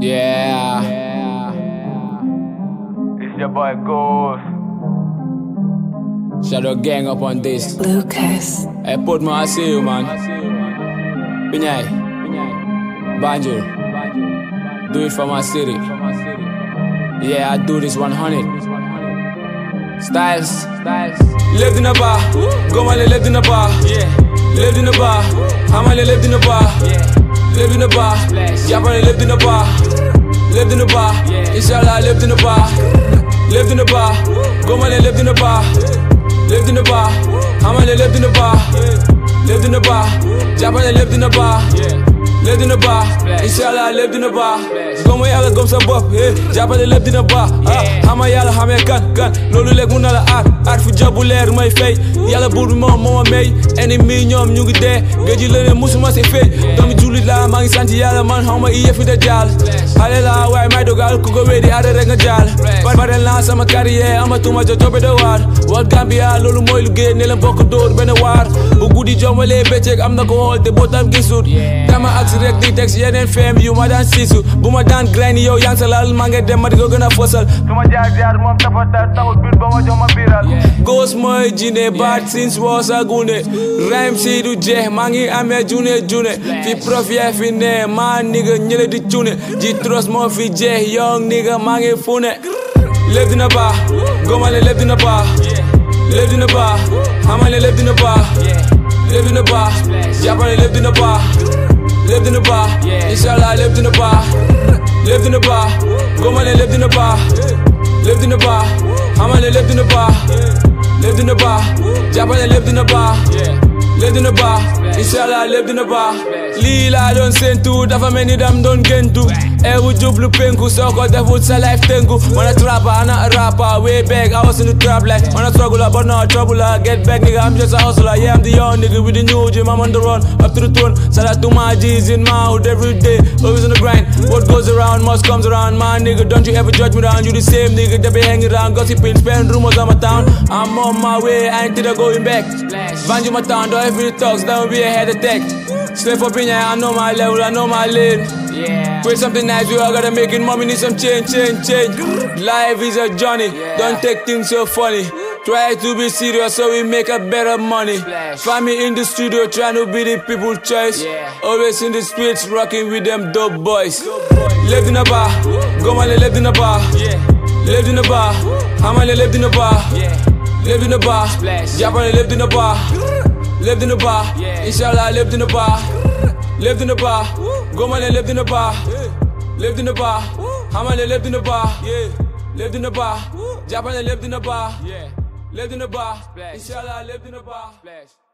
Yeah. yeah. It's your boy Ghost. Shadow gang up on this. Lucas. Hey, put my I see you, man. Binay, Banjo. Do it for my city. Yeah, I do this 100. Styles. Styles. Lived in a bar. Gomale lived in a bar. Yeah. Lived in a bar. Hamale lived in a bar. Yeah. Lived in a bar. Yeah, all lived in a bar lived in a bar. Inshallah, I lived in a bar. Lived in a bar. Gomal lived in a bar. Lived in a bar. Hamal lived in a bar. Lived in a bar. Japan lived in a bar. lépp dina baax incha allah lépp dina baax gëmmu yàlla gëm sa bopp eh jàppale lépp dina baax ah xama yàlla xamee kan kan loolu léegi mun na la aar aar fu jabu leer may fay yàlla buur bi moom moo ma may ennemi ñoom ñu ngi dee géej leneen musuma si fay doomi jullit laa maa ngi sant yàlla man xaw ma iye fi da jaal xale laa waaye may dogal ku ko wéedi aada rek nga jaal pare naa sama carrière amatuma jo jobe da waar waa Gambia loolu mooy liggéey ne leen bokk dóor benn waar bu guddi jombalee bëccëg am na ko xool ask direct details, yeah then fame you ma dan sisu bu ma daan grind yow yaa ngi sa lal maa ngi dem ma di ko gën a fosal jaar jaar moom dafa taxul biir ba ma jox ma ghost mooy jine bad since was a gune rhyme si du jeex ngi june june fi prof fi ne maa nigga ñële di tune. Di trust moo fi jeex young nigga maa ngi fune lépp dina gomale lépp dina baax lépp dina baax xamale lépp dina baax lépp dina baax jàppale lived in the bar. Inshallah, I lived in the bar. Lived in the bar. Gomale lived in the bar. Lived in the bar. Hamale lived in the bar. Lived in the bar. Jabale lived in the bar. Yeah. Lived in a bar, inshallah I lived in a bar Lila don't send to, for many them don't get to Eh would jublu blue so cause the food's a life tengu When I trapper, I'm not a rapper, way back I was in the trap like When I struggle, but no trouble, I get back nigga I'm just a hustler, yeah I'm the young nigga with the new gym I'm on the run, up to the throne out to my G's in my hood every day, always on the grind What goes around must comes around, my nigga Don't you ever judge me down, you the same nigga that be hanging around Gossiping, spend rumors on my town I'm on my way, I ain't till going back Vanju my town round, don't every talks, that will be a head attack. Stay for in I know my level, I know my lane. Yeah. With something nice, we all gotta make it. Mommy need some change, change, change. Life is a journey, yeah. don't take things so funny. Try to be serious so we make a better money. Splash. Find me in the studio trying to be the people's choice. Yeah. Always in the streets rocking with them dope boys. Live Left in a bar, go on left in a bar. Yeah. Left in a bar, I'm on left in a bar. Yeah. Left in a bar, Splash. on left in a bar. Lived in the bar, yeah. inshallah, I lived in the bar. lived in the bar, Go Gomale lived in the bar. Yeah. Lived in the bar, How Hamale lived in the bar. Yeah. Lived in the bar, Japan lived in the bar. Yeah. Lived in the bar, Splash. inshallah, I lived in the bar. Splash.